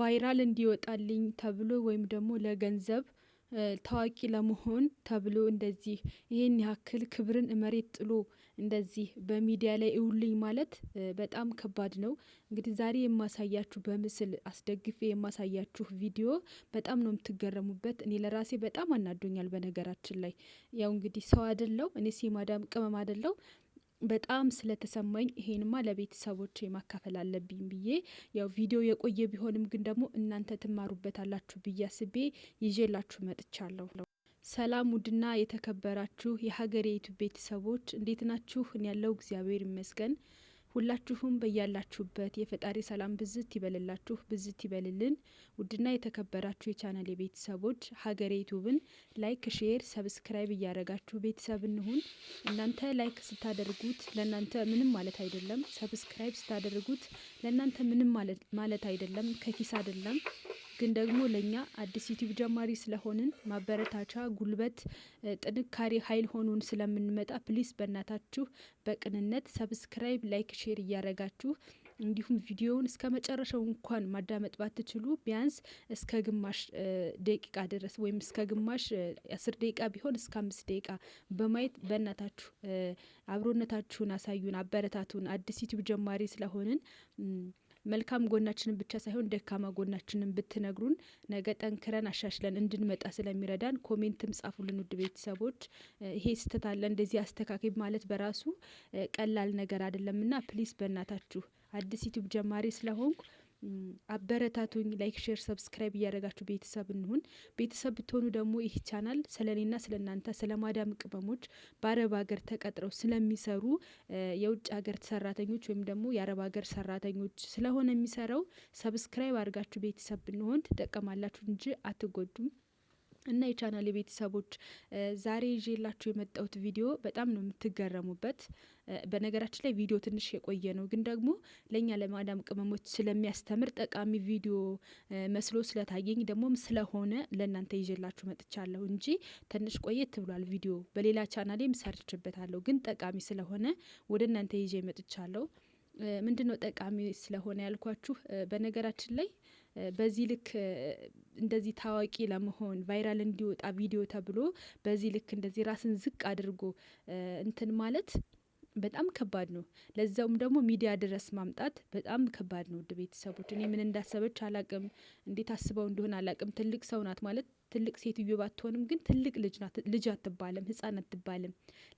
ቫይራል እንዲወጣልኝ ተብሎ ወይም ደግሞ ለገንዘብ ታዋቂ ለመሆን ተብሎ እንደዚህ ይህን ያክል ክብርን መሬት ጥሎ እንደዚህ በሚዲያ ላይ እውልኝ ማለት በጣም ከባድ ነው። እንግዲህ ዛሬ የማሳያችሁ በምስል አስደግፌ የማሳያችሁ ቪዲዮ በጣም ነው የምትገረሙበት እኔ ለራሴ በጣም አናዶኛል በነገራችን ላይ ያው እንግዲህ ሰው አይደለሁ እኔስ የማዳም ቅመም አደለው በጣም ስለተሰማኝ ይሄንማ ለቤተሰቦች ማካፈል አለብኝ ብዬ ያው ቪዲዮ የቆየ ቢሆንም ግን ደግሞ እናንተ ትማሩበታላችሁ ብዬ አስቤ ይዤላችሁ መጥቻለሁ። ሰላም ውድና የተከበራችሁ የሀገሬ ዩቱብ ቤተሰቦች እንዴት ናችሁ? እኔ ያለው እግዚአብሔር ይመስገን። ሁላችሁም በያላችሁበት የፈጣሪ ሰላም ብዝት ይበልላችሁ ብዝት ይበልልን። ውድና የተከበራችሁ የቻናል የቤተሰቦች ሀገሬ ዩቱብን ላይክ፣ ሼር፣ ሰብስክራይብ እያደረጋችሁ ቤተሰብ እንሁን። እናንተ ላይክ ስታደርጉት ለእናንተ ምንም ማለት አይደለም። ሰብስክራይብ ስታደርጉት ለእናንተ ምንም ማለት አይደለም፣ ከኪስ አይደለም። ግን ደግሞ ለእኛ አዲስ ዩቲዩብ ጀማሪ ስለሆንን ማበረታቻ፣ ጉልበት፣ ጥንካሬ፣ ኃይል ሆኖን ስለምንመጣ ፕሊስ በእናታችሁ በቅንነት ሰብስክራይብ፣ ላይክ፣ ሼር እያረጋችሁ እንዲሁም ቪዲዮውን እስከ መጨረሻው እንኳን ማዳመጥ ባትችሉ ቢያንስ እስከ ግማሽ ደቂቃ ድረስ ወይም እስከ ግማሽ አስር ደቂቃ ቢሆን እስከ አምስት ደቂቃ በማየት በእናታችሁ አብሮነታችሁን አሳዩን፣ አበረታቱን። አዲስ ዩቲዩብ ጀማሪ ስለሆንን መልካም ጎናችንን ብቻ ሳይሆን ደካማ ጎናችንን ብትነግሩን ነገ ጠንክረን አሻሽለን እንድንመጣ ስለሚረዳን ኮሜንትም ጻፉልን። ውድ ቤተሰቦች ይሄ ስህተት አለ እንደዚህ አስተካካይ ማለት በራሱ ቀላል ነገር አይደለምና ፕሊስ በእናታችሁ አዲስ ዩቱብ ጀማሪ ስለሆንኩ አበረታቱኝ። ላይክ፣ ሼር፣ ሰብስክራይብ እያደረጋችሁ ቤተሰብ እንሁን። ቤተሰብ ብትሆኑ ደግሞ ይህ ቻናል ስለ እኔና ስለ እናንተ ስለ ማዳም ቅመሞች በአረብ ሀገር ተቀጥረው ስለሚሰሩ የውጭ ሀገር ሰራተኞች ወይም ደግሞ የአረብ ሀገር ሰራተኞች ስለሆነ የሚሰራው ሰብስክራይብ አድርጋችሁ ቤተሰብ ብንሆን ትጠቀማላችሁ እንጂ አትጎዱም። እና የቻናል የቤተሰቦች ዛሬ ይዤላችሁ የመጣሁት ቪዲዮ በጣም ነው የምትገረሙበት። በነገራችን ላይ ቪዲዮ ትንሽ የቆየ ነው፣ ግን ደግሞ ለእኛ ለማዳም ቅመሞች ስለሚያስተምር ጠቃሚ ቪዲዮ መስሎ ስለታየኝ ደግሞም ስለሆነ ለእናንተ ይዤላችሁ መጥቻለሁ እንጂ ትንሽ ቆየት ብሏል ቪዲዮ። በሌላ ቻናሌም ሰርችበታለሁ፣ ግን ጠቃሚ ስለሆነ ወደ እናንተ ይዤ መጥቻለሁ። ምንድን ነው ጠቃሚ ስለሆነ ያልኳችሁ በነገራችን ላይ በዚህ ልክ እንደዚህ ታዋቂ ለመሆን ቫይራል እንዲወጣ ቪዲዮ ተብሎ በዚህ ልክ እንደዚህ ራስን ዝቅ አድርጎ እንትን ማለት በጣም ከባድ ነው። ለዛውም ደግሞ ሚዲያ ድረስ ማምጣት በጣም ከባድ ነው። ውድ ቤተሰቦች እኔ ምን እንዳሰበች አላቅም እንዴት አስበው እንደሆነ አላቅም። ትልቅ ሰው ናት ማለት ትልቅ ሴትዮ ባትሆንም ግን ትልቅ ልጅ ናት። ልጅ አትባልም፣ ህጻን አትባልም።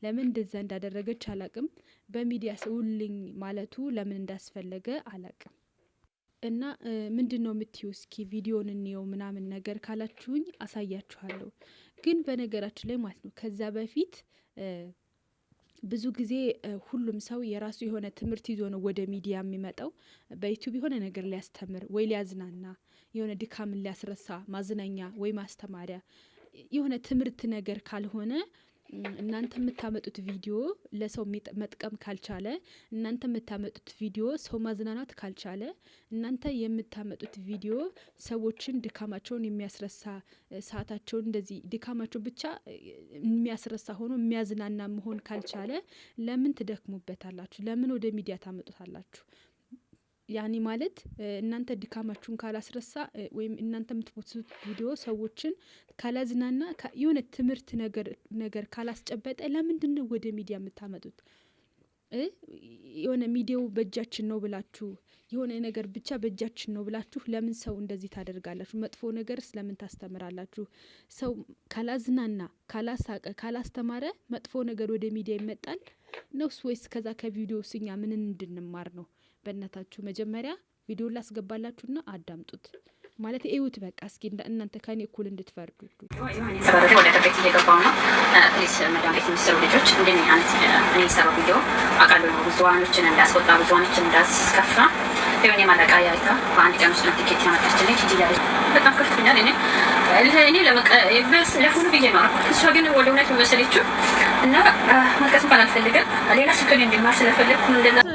ለምን እንደዛ እንዳደረገች አላቅም? በሚዲያ ሰውልኝ ማለቱ ለምን እንዳስፈለገ አላቅም? እና ምንድን ነው የምትዩ? እስኪ ቪዲዮን እንየው ምናምን ነገር ካላችሁኝ አሳያችኋለሁ። ግን በነገራችን ላይ ማለት ነው ከዛ በፊት ብዙ ጊዜ ሁሉም ሰው የራሱ የሆነ ትምህርት ይዞ ነው ወደ ሚዲያ የሚመጣው። በዩቱብ የሆነ ነገር ሊያስተምር ወይ ሊያዝናና የሆነ ድካምን ሊያስረሳ ማዝናኛ ወይ ማስተማሪያ የሆነ ትምህርት ነገር ካልሆነ እናንተ የምታመጡት ቪዲዮ ለሰው መጥቀም ካልቻለ፣ እናንተ የምታመጡት ቪዲዮ ሰው ማዝናናት ካልቻለ፣ እናንተ የምታመጡት ቪዲዮ ሰዎችን ድካማቸውን የሚያስረሳ ሰዓታቸውን እንደዚህ ድካማቸው ብቻ የሚያስረሳ ሆኖ የሚያዝናና መሆን ካልቻለ፣ ለምን ትደክሙበታላችሁ? ለምን ወደ ሚዲያ ታመጡታላችሁ? ያኔ ማለት እናንተ ድካማችሁን ካላስረሳ ወይም እናንተ የምትፖስቱት ቪዲዮ ሰዎችን ካላዝናና የሆነ ትምህርት ነገር ካላስጨበጠ ለምንድን ነው ወደ ሚዲያ የምታመጡት? የሆነ ሚዲያው በእጃችን ነው ብላችሁ የሆነ ነገር ብቻ በእጃችን ነው ብላችሁ ለምን ሰው እንደዚህ ታደርጋላችሁ? መጥፎ ነገርስ ለምን ታስተምራላችሁ? ሰው ካላዝናና፣ ካላሳቀ፣ ካላስተማረ መጥፎ ነገር ወደ ሚዲያ ይመጣል ነውስ? ወይስ ከዛ ከቪዲዮ ስኛ ምን እንድንማር ነው? በእናታችሁ መጀመሪያ ቪዲዮ ላስገባላችሁና አዳምጡት። ማለት እዩት፣ በቃ እስኪ እናንተ ከኔ እኩል እንድትፈርዱ። ወደ ፍርድ ቤት እየገባው ነው። ፕሊስ መዳም ቤት የሚሰሩ ልጆች እንደ አይነት እኔ ሰራ ቪዲዮ አቃሉ ብዙዋኖችን እንዳስወጣ ብዙዋኖችን እንዳስከፋ ሆን የማለቃ ያይታ በአንድ ቀን ውስጥ ነው ቲኬት ያመጣችን ልጅ እጅ ያለች በጣም ከፍቶኛል። እኔ እኔ ለሁሉ ብዬ ነው እሷ ግን ወደ እውነት መሰለችው እና መቀስም ባላልፈልግም ሌላ ስክል እንዲማር ስለፈለግኩ እንደዛ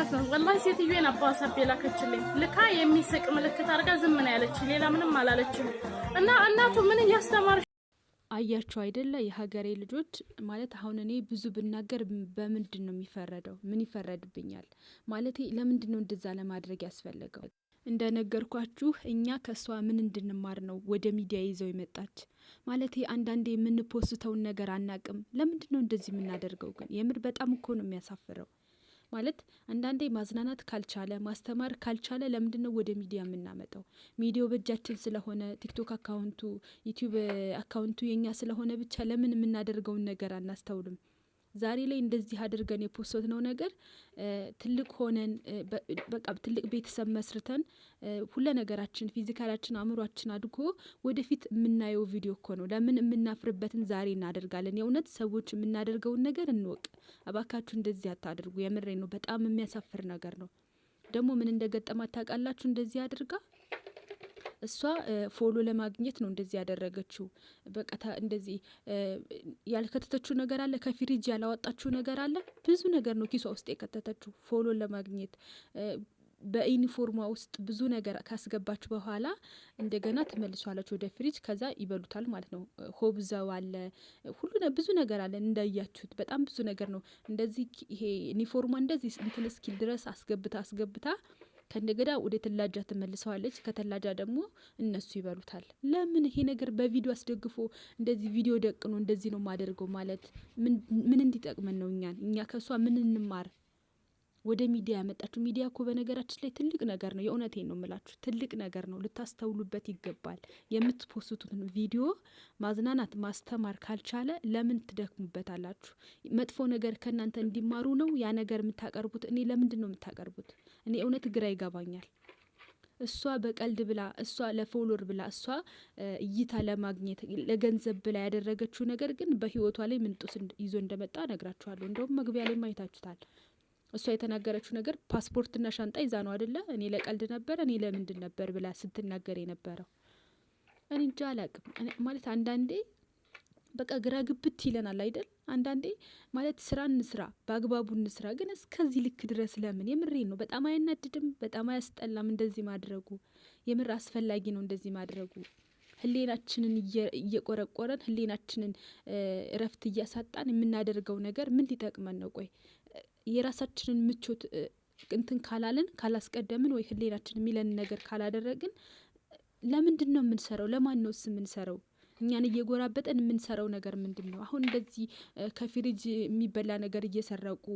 ማለት ነው። ወላሂ ሴትዮ የነበረ ሀሳብ የላከችልኝ ልካ የሚስቅ ምልክት አድርጋ ዝም ነው ያለች፣ ሌላ ምንም አላለችም። እና እናቱ ምን እያስተማር አያቸው አይደለ? የሀገሬ ልጆች ማለት አሁን እኔ ብዙ ብናገር በምንድን ነው የሚፈረደው? ምን ይፈረድብኛል? ማለት ለምንድን ነው እንደዛ ለማድረግ ያስፈለገው? እንደነገርኳችሁ እኛ ከእሷ ምን እንድንማር ነው ወደ ሚዲያ ይዘው የመጣች ማለት አንዳንዴ የምንፖስተውን ነገር አናቅም። ለምንድን ነው እንደዚህ የምናደርገው ግን? የምር በጣም እኮ ነው የሚያሳፍረው። ማለት አንዳንዴ ማዝናናት ካልቻለ ማስተማር ካልቻለ ለምንድነው ወደ ሚዲያ የምናመጣው? ሚዲያው በእጃችን ስለሆነ ቲክቶክ አካውንቱ ዩቲዩብ አካውንቱ የኛ ስለሆነ ብቻ ለምን የምናደርገውን ነገር አናስተውልም ዛሬ ላይ እንደዚህ አድርገን የፖሰትነው ነገር ትልቅ ሆነን በቃ ትልቅ ቤተሰብ መስርተን ሁለ ነገራችን ፊዚካላችን፣ አእምሯችን አድጎ ወደፊት የምናየው ቪዲዮ እኮ ነው። ለምን የምናፍርበትን ዛሬ እናደርጋለን? የእውነት ሰዎች የምናደርገውን ነገር እንወቅ። እባካችሁ እንደዚህ አታድርጉ። የምሬ ነው። በጣም የሚያሳፍር ነገር ነው። ደግሞ ምን እንደገጠማት ታውቃላችሁ? እንደዚህ አድርጋ እሷ ፎሎ ለማግኘት ነው እንደዚህ ያደረገችው። በቃ እንደዚህ ያልከተተችው ነገር አለ፣ ከፍሪጅ ያላወጣችው ነገር አለ። ብዙ ነገር ነው ኪሷ ውስጥ የከተተችው ፎሎ ለማግኘት በዩኒፎርሟ ውስጥ ብዙ ነገር ካስገባች በኋላ እንደገና ትመልሷለች ወደ ፍሪጅ። ከዛ ይበሉታል ማለት ነው። ሆብዘው አለ ሁሉ ብዙ ነገር አለ እንዳያችሁት፣ በጣም ብዙ ነገር ነው። እንደዚህ ይሄ ዩኒፎርሟ እንደዚህ እንትን እስኪል ድረስ አስገብታ አስገብታ ከእንደገዳ ወደ ተላጃ ትመልሰዋለች። ከተላጃ ደግሞ እነሱ ይበሉታል። ለምን ይሄ ነገር በቪዲዮ አስደግፎ እንደዚህ ቪዲዮ ደቅኖ እንደዚህ ነው ማደርገው ማለት ምን እንዲጠቅመን ነው? እኛን እኛ ከእሷ ምን እንማር? ወደ ሚዲያ ያመጣችሁ። ሚዲያ እኮ በነገራችን ላይ ትልቅ ነገር ነው። የእውነቴን ነው የምላችሁ፣ ትልቅ ነገር ነው። ልታስተውሉበት ይገባል። የምትፖስቱትን ቪዲዮ ማዝናናት፣ ማስተማር ካልቻለ ለምን ትደክሙበታላችሁ? መጥፎ ነገር ከእናንተ እንዲማሩ ነው ያ ነገር የምታቀርቡት። እኔ ለምንድን ነው የምታቀርቡት? እኔ እውነት ግራ ይገባኛል። እሷ በቀልድ ብላ እሷ ለፎሎር ብላ እሷ እይታ ለማግኘት ለገንዘብ ብላ ያደረገችው ነገር ግን በህይወቷ ላይ ምንጡስ ይዞ እንደመጣ ነግራችኋለሁ። እንደውም መግቢያ ላይ ማየታችሁታል። እሷ የተናገረችው ነገር ፓስፖርትና ሻንጣ ይዛ ነው አደለ? እኔ ለቀልድ ነበረ እኔ ለምንድን ነበር ብላ ስትናገር የነበረው እኔ እንጃ አላቅም። ማለት አንዳንዴ በቃ ግራ ግብት ይለናል አይደል? አንዳንዴ ማለት ስራ እንስራ፣ በአግባቡ እንስራ፣ ግን እስከዚህ ልክ ድረስ ለምን? የምሬ ነው። በጣም አያናድድም? በጣም አያስጠላም? እንደዚህ ማድረጉ የምር አስፈላጊ ነው እንደዚህ ማድረጉ ህሌናችንን እየቆረቆረን ህሌናችንን እረፍት እያሳጣን የምናደርገው ነገር ምን ሊጠቅመን ነው? ቆይ የራሳችንን ምቾት እንትን ካላለን ካላስቀደምን ወይ ህሌናችን የሚለን ነገር ካላደረግን ለምንድን ነው የምንሰራው? ለማን ስ የምንሰራው? እኛን እየጎራበጠን የምንሰራው ነገር ምንድን ነው? አሁን እንደዚህ ከፍሪጅ የሚበላ ነገር እየሰረቁ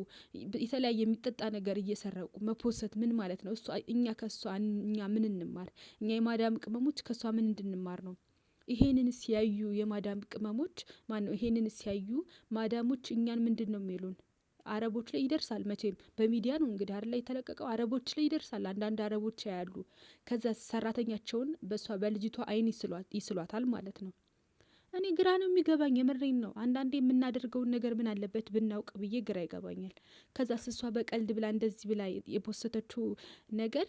የተለያየ የሚጠጣ ነገር እየሰረቁ መፖሰት ምን ማለት ነው? እሷ እኛ ከእሷ እኛ ምን እንማር? እኛ የማዳም ቅመሞች ከእሷ ምን እንድንማር ነው? ይሄንን ሲያዩ የማዳም ቅመሞች ማን ነው? ይሄንን ሲያዩ ማዳሞች እኛን ምንድን ነው የሚሉን? አረቦች ላይ ይደርሳል መቼም በሚዲያ ነው እንግዲህ አይደል የተለቀቀው አረቦች ላይ ይደርሳል አንዳንድ አረቦች ያያሉ ከዛ ሰራተኛቸውን በእሷ በልጅቷ አይን ይስሏታል ማለት ነው እኔ ግራ ነው የሚገባኝ የምሬን ነው አንዳንዴ የምናደርገውን ነገር ምን አለበት ብናውቅ ብዬ ግራ ይገባኛል ከዛ ስሷ በቀልድ ብላ እንደዚህ ብላ የፖሰተችው ነገር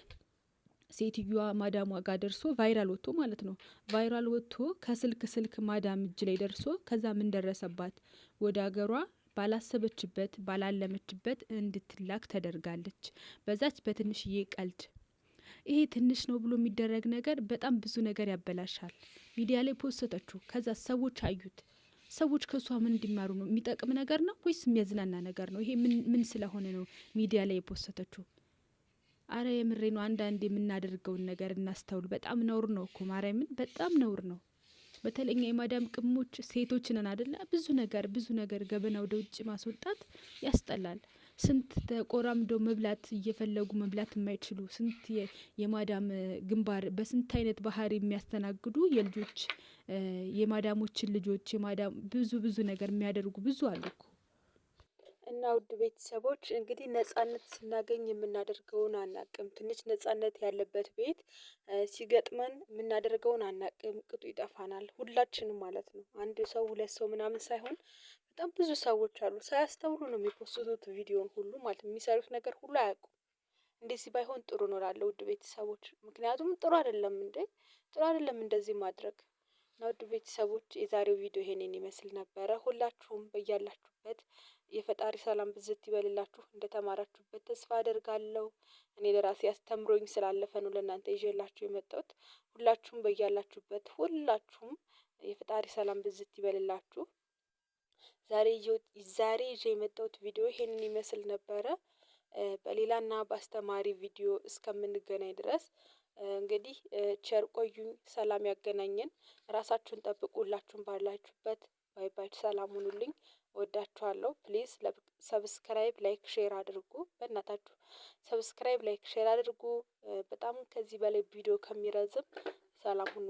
ሴትዮዋ ማዳሟ ጋር ደርሶ ቫይራል ወጥቶ ማለት ነው። ቫይራል ወጥቶ ከስልክ ስልክ ማዳም እጅ ላይ ደርሶ ከዛ ምን ደረሰባት ወደ ሀገሯ ባላሰበችበት ባላለመችበት እንድትላክ ተደርጋለች። በዛች በትንሽዬ ቀልድ ይሄ ትንሽ ነው ብሎ የሚደረግ ነገር በጣም ብዙ ነገር ያበላሻል። ሚዲያ ላይ ፖስተችው፣ ከዛ ሰዎች አዩት። ሰዎች ከእሷ ምን እንዲማሩ ነው? የሚጠቅም ነገር ነው ወይስ የሚያዝናና ነገር ነው? ይሄ ምን ስለሆነ ነው ሚዲያ ላይ የፖስተችው? አረ የምሬ ነው። አንዳንድ የምናደርገውን ነገር እናስተውል። በጣም ነውር ነው እኮ ማርያምን፣ በጣም ነውር ነው። በተለኛ የማዳም ቅሞች ሴቶች ነን አደለ? ብዙ ነገር ብዙ ነገር ገበና ወደ ውጭ ማስወጣት ያስጠላል። ስንት ተቆራምዶ መብላት እየፈለጉ መብላት የማይችሉ ስንት የማዳም ግንባር በስንት አይነት ባህሪ የሚያስተናግዱ የልጆች የማዳሞችን ልጆች የማዳም ብዙ ብዙ ነገር የሚያደርጉ ብዙ አሉ እኮ ውድ ቤተሰቦች እንግዲህ ነጻነት ስናገኝ የምናደርገውን አናቅም ትንሽ ነጻነት ያለበት ቤት ሲገጥመን የምናደርገውን አናቅም ቅጡ ይጠፋናል ሁላችንም ማለት ነው። አንድ ሰው ሁለት ሰው ምናምን ሳይሆን በጣም ብዙ ሰዎች አሉ ሳያስተውሉ ነው የሚፖስቱት ቪዲዮን ሁሉ ማለት ነው የሚሰሩት ነገር ሁሉ አያውቁም። እንደዚህ ባይሆን ጥሩ ነው ላለ ውድ ቤተሰቦች ምክንያቱም ጥሩ አይደለም እንዴ ጥሩ አይደለም እንደዚህ ማድረግ። እና ውድ ቤተሰቦች የዛሬው ቪዲዮ ይሄንን ይመስል ነበረ ሁላችሁም በያላችሁበት የፈጣሪ ሰላም ብዝት ይበልላችሁ እንደተማራችሁበት ተስፋ አደርጋለሁ። እኔ ለራሴ አስተምሮኝ ስላለፈ ነው ለእናንተ ይዤላችሁ የመጣሁት። ሁላችሁም በያላችሁበት ሁላችሁም የፈጣሪ ሰላም ብዝት ይበልላችሁ። ዛሬ ዛሬ ይዤ የመጣሁት ቪዲዮ ይሄንን ይመስል ነበረ። በሌላና በአስተማሪ ቪዲዮ እስከምንገናኝ ድረስ እንግዲህ ቸር ቆዩኝ። ሰላም ያገናኘን። ራሳችሁን ጠብቁ። ሁላችሁም ባላችሁበት ባይ ባይ። ሰላም ሁኑልኝ። ወዳችኋለሁ። ፕሊዝ ሰብስክራይብ ላይክ ሼር አድርጉ በእናታችሁ ሰብስክራይብ ላይክ ሼር አድርጉ። በጣም ከዚህ በላይ ቪዲዮ ከሚረዝም ሰላም ሁኑ።